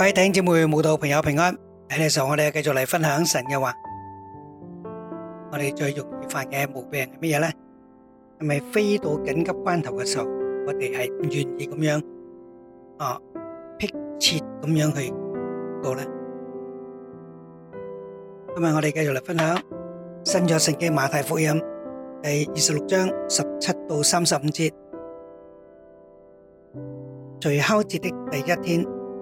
各位弟兄姊妹、慕道朋友平安。喺呢個時候，我哋繼續嚟分享神嘅話。我哋最容易犯嘅毛病係乜嘢咧？係咪非到緊急關頭嘅時候，我哋係唔願意咁樣啊，迫切咁樣去過咧？今日我哋繼續嚟分享新約聖經馬太福音第二十六章十七到三十五節。除酵節的第一天。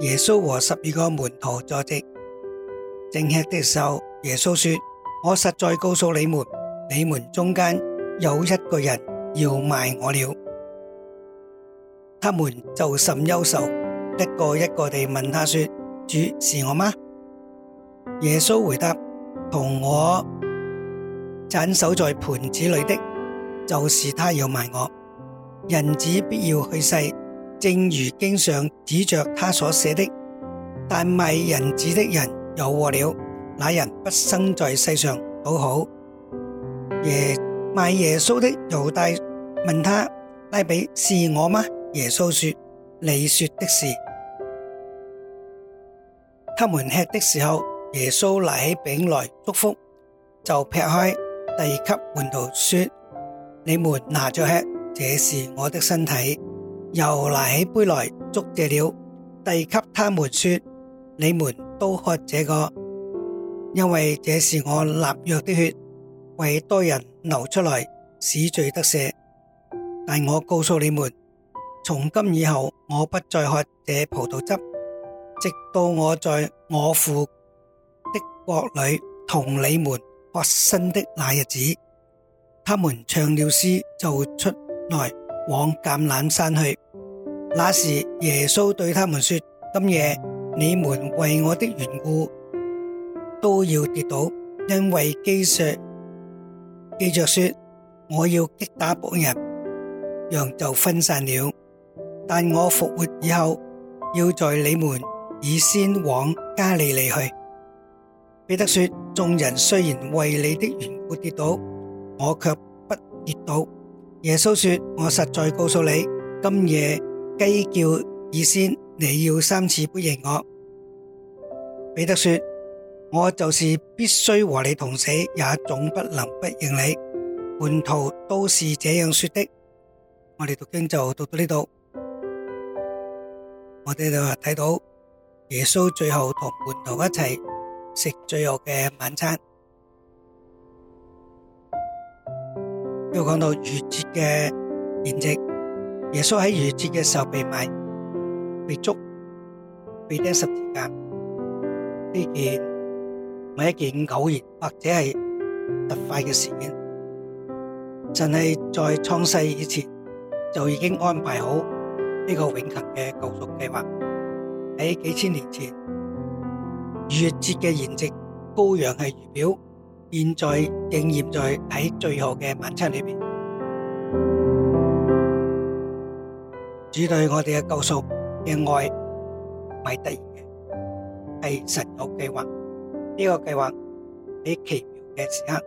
耶穌和十二個門徒坐席，正吃的時候，耶穌說：我實在告訴你們，你們中間有一個人要賣我了。他們就甚憂愁，一個一個地問他說：主是我嗎？耶穌回答：同我蘸手在盤子裏的，就是他要賣我。人子必要去世。正如經上指着他所寫的，但賣人子的人有禍了，那人不生在世上倒好。耶賣耶穌的猶大問他，拉比，是我嗎？耶穌說：你說的是。他們吃的時候，耶穌拿起餅來祝福，就劈開，遞給門徒說：你們拿着吃，這是我的身體。又拿起杯來捉，祝謝了，遞給他們說：你們都喝這個，因為這是我立約的血，為多人流出來，使罪得赦。但我告訴你們，從今以後，我不再喝這葡萄汁，直到我在我父的國裏同你們喝新的那日子。他們唱了詩，就出來往橄欖山去。那時耶穌對他們說：今夜你們為我的緣故都要跌倒，因為經上記着說，我要擊打牧人，羊就分散了。但我復活以後，要在你們以先往加利利去。彼得說：眾人雖然為你的緣故跌倒，我卻不跌倒。耶穌說，我實在告訴你，今夜。雞叫以先，你要三次不認我。彼得說：我就是必須和你同死，也總不能不認你。叛徒都是這樣說的。我哋讀經就讀到呢度，我哋就睇到耶穌最後同叛徒一齊食最後嘅晚餐。要講到逾節嘅筵席。耶穌喺逾節嘅時候被賣、被捉、被釘十字架呢件，唔係一件偶然或者係突發嘅事件，神係在創世以前就已經安排好呢個永恆嘅救贖計劃。喺幾千年前逾節嘅筵席，羔羊係預表，現在應驗在喺最後嘅晚餐裏邊。主對我哋嘅救贖嘅愛唔係突然嘅，係神有計劃。呢個計劃喺奇妙嘅時刻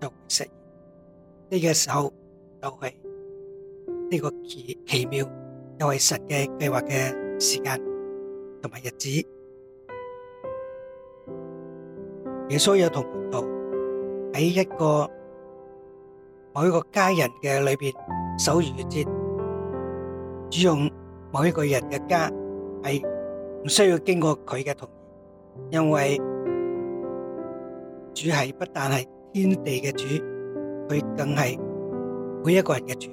就會實現。呢個時候就係呢個奇奇妙，又係神嘅計劃嘅時間同埋日子。耶穌有同門徒喺一個每一個家人嘅裏邊守逾越節。主用某一個人嘅家，係唔需要經過佢嘅同意，因為主係不但係天地嘅主，佢更係每一個人嘅主，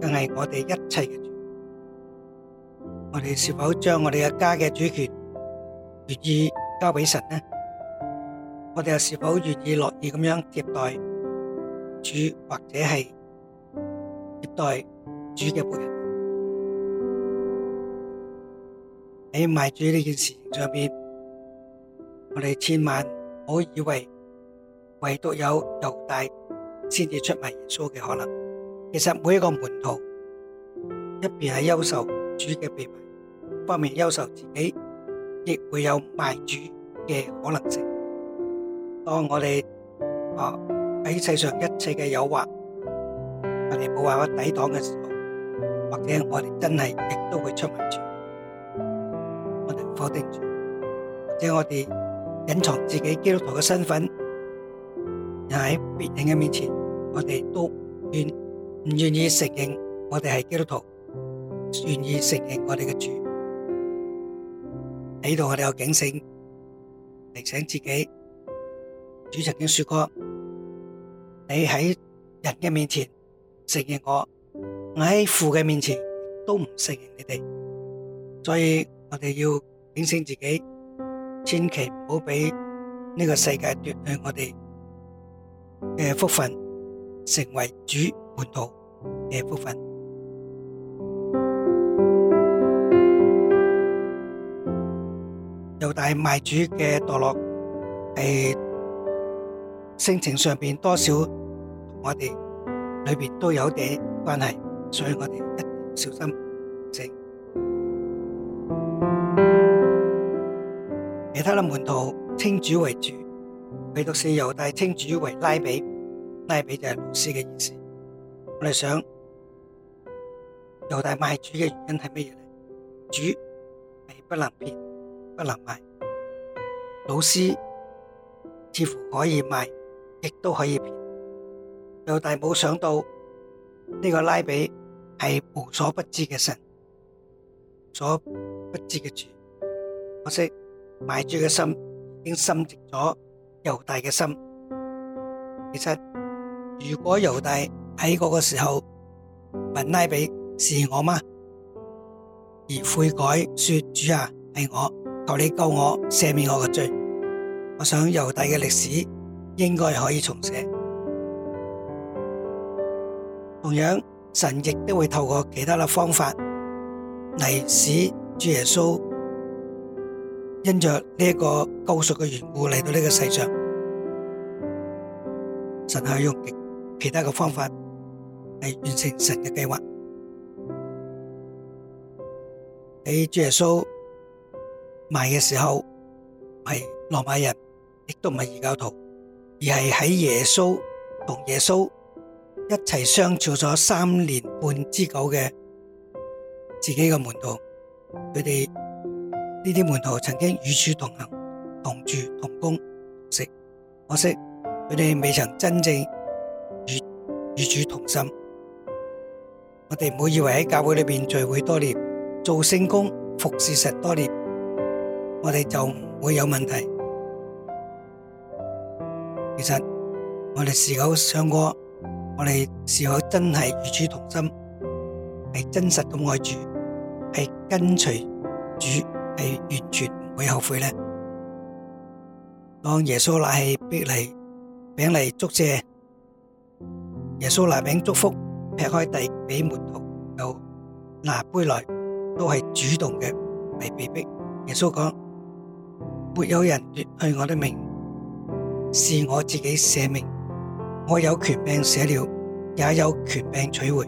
更係我哋一切嘅主。我哋是否將我哋嘅家嘅主權願意交畀神呢？我哋又是否願意樂意咁樣接待主，或者係接待？主嘅僕人喺賣主呢件事上面，我哋千萬唔好以為唯獨有猶大先至出賣耶穌嘅可能。其實每一個門徒，一邊係優秀主嘅秘密，一方面優秀自己，亦會有賣主嘅可能性。當我哋啊喺世上一切嘅誘惑，我哋冇辦法抵擋嘅時候。或者我哋真係亦都會出賣主，我哋否定主，或者我哋隱藏自己基督徒嘅身份，又喺別人嘅面前，我哋都唔願，唔願意承認我哋係基督徒，願意承認我哋嘅主，喺度我哋又警醒提醒自己，主曾經說過，你喺人嘅面前承認我。我喺父嘅面前都唔承認你哋，所以我哋要警醒自己，千祈唔好俾呢個世界奪去我哋嘅福分，成為主門徒嘅福分。猶大賣主嘅墮落係性情上邊多少同我哋裏邊都有啲關係。所以我哋一定要小心正，其他嘅門徒稱主為主，唯獨是猶大稱主為拉比，拉比就係老師嘅意思。我哋想猶大賣主嘅原因係咩嘢咧？主係不能騙，不能賣，老師似乎可以賣，亦都可以騙。猶大冇想到呢個拉比。是無所不知嘅神，所不知嘅主。可惜賣主嘅心，已經深植咗猶大嘅心。其實，如果猶大喺嗰個時候問拉比是我嗎？而悔改說主啊是我，求你救我，赦免我的罪。我想猶大嘅歷史應該可以重寫。同樣。神亦都會透過其他嘅方法嚟，使主耶穌因着呢一個救贖嘅緣故嚟到呢個世上，神可以用其他嘅方法嚟完成神嘅計劃。喺主耶穌賣嘅時候，唔係羅馬人，亦都唔係異教徒，而係喺耶穌同耶穌一齊相處咗三年半之久嘅自己嘅門徒，佢哋呢啲門徒曾經與主同行、同住、同工、同食，可惜佢哋未曾真正與與主同心。我哋唔好以為喺教會裏邊聚會多年、做聖工、服侍十多年，我哋就唔會有問題。其實我哋時久想過。我哋是否真係與主同心，係真實咁愛主，係跟隨主，係完全唔會後悔呢？當耶穌拿起餅嚟，餅嚟祝謝，耶穌拿餅祝福，劈開地俾門徒又拿杯來，都係主動嘅，未被逼。耶穌講：「沒有人奪去我的命，是我自己捨命。」我有權柄寫了，也有權柄取回，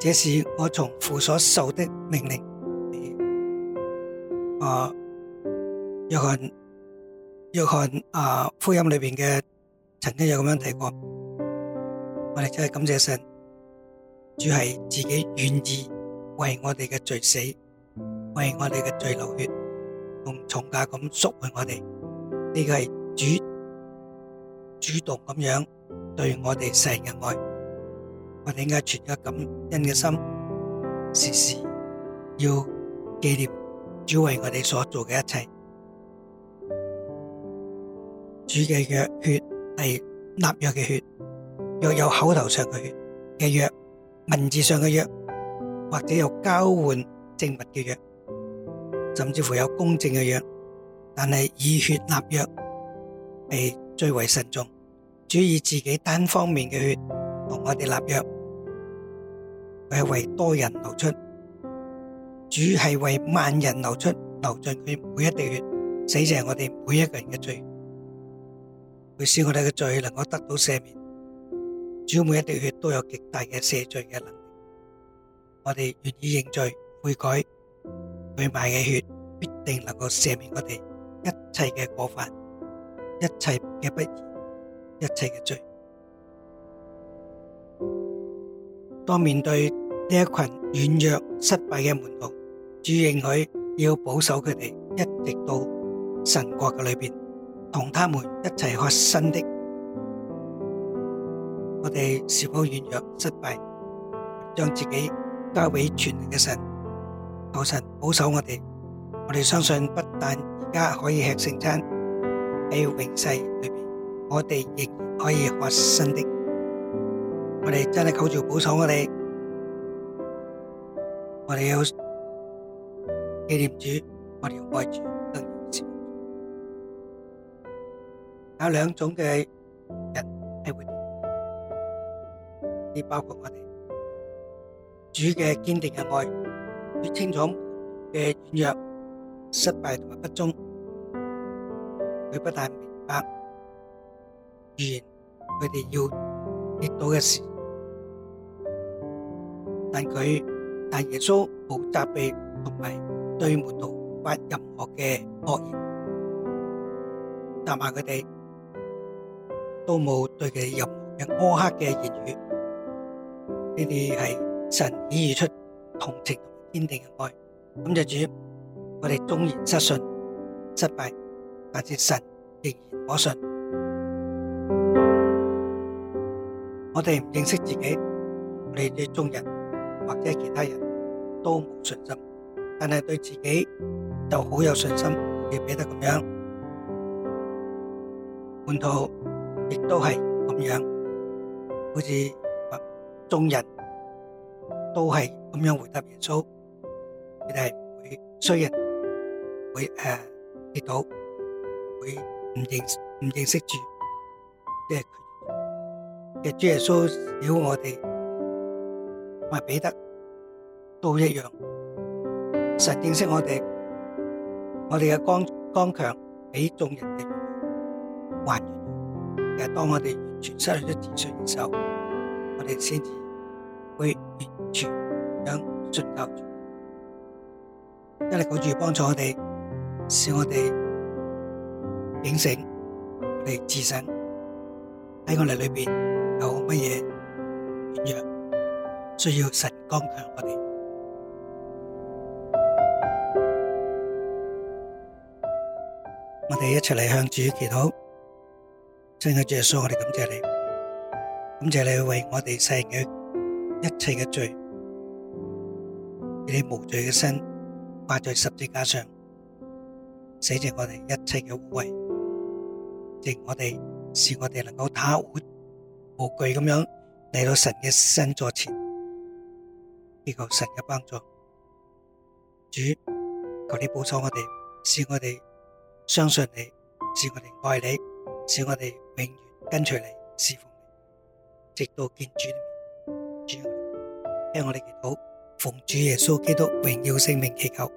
這是我從父所受的命令。啊，約翰，約翰啊，福音裏面嘅曾經有咁樣提過。我哋真係感謝神，主係自己願意為我哋嘅罪死，為我哋嘅罪流血，同重價咁贖回我哋。呢個係主。主動咁樣對我哋世人嘅愛，或者應該存有嘅感恩嘅心，時時要紀念主為我哋所做嘅一切。主嘅約血係立約嘅血，若有口頭上嘅血、嘅約、文字上嘅約，或者有交換證物嘅約，甚至乎有公證嘅約，但係以血立約係最為慎重。主以自己單方面嘅血同我哋立約，佢係為多人流出。主係為萬人流出，流盡佢每一滴血，洗淨我哋每一個人嘅罪，佢使我哋嘅罪能夠得到赦免。主每一滴血都有極大嘅赦罪嘅能力。我哋願意認罪悔改，佢買嘅血必定能夠赦免我哋一切嘅過犯，一切嘅不義一切嘅罪，當面對呢一群軟弱失敗嘅門徒，主應許要保守佢哋，一直到神國嘅裏面，同他們一齊喝新的。我哋是否軟弱失敗，將自己交俾全力嘅神，求神保守我哋。我哋相信不但而家可以吃聖餐，喺永世裏面，我哋仍然可以學新的，我哋真係靠住保守我哋，我哋要紀念主，我哋要愛主。有兩種嘅人喺會點？亦包括我哋主嘅堅定嘅愛，越清楚佢嘅軟弱、失敗同埋不忠，佢不但明白。預言佢哋要跌倒嘅事，但佢但耶穌冇責備同埋對門徒發任何嘅惡言，責罵佢哋都冇對佢哋任何苛刻嘅言語。呢啲係神顯現出同情同埋堅定嘅愛。感謝主，我哋縱然失信失敗，但係神仍然可信。我哋唔認識自己，我哋對眾人或者其他人都冇信心，但係對自己就好有信心。會變得咁樣，叛徒亦都係咁樣，好似眾人都係咁樣回答耶穌：佢哋係衰人會誒跌倒，會唔認唔認識主嘅。若主耶穌曉我哋，同埋彼得都一樣，神認識我哋，我哋嘅剛剛強比眾人嘅還要遠。其實當我哋完全失去咗自信嘅時候，我哋先會完全咁尋求，一力抱住幫助我哋，使我哋警醒我們，嚟自信喺我哋裏面。有乜嘢軟弱，需要神剛強我哋？我哋一齊嚟向主祈禱，真係耶穌，我哋感謝你，感謝你為我哋世人嘅一切嘅罪，你無罪嘅身掛在十字架上，洗淨我哋一切嘅污穢，令我哋使我哋能夠得活。無懼咁樣嚟到神嘅身座前，祈求神嘅幫助。主求你保守我哋，使我哋相信你，使我哋愛你，使我哋永遠跟隨你，侍奉你，直到見主面。主聽我哋祈禱，奉主耶穌基督榮耀聖名祈求。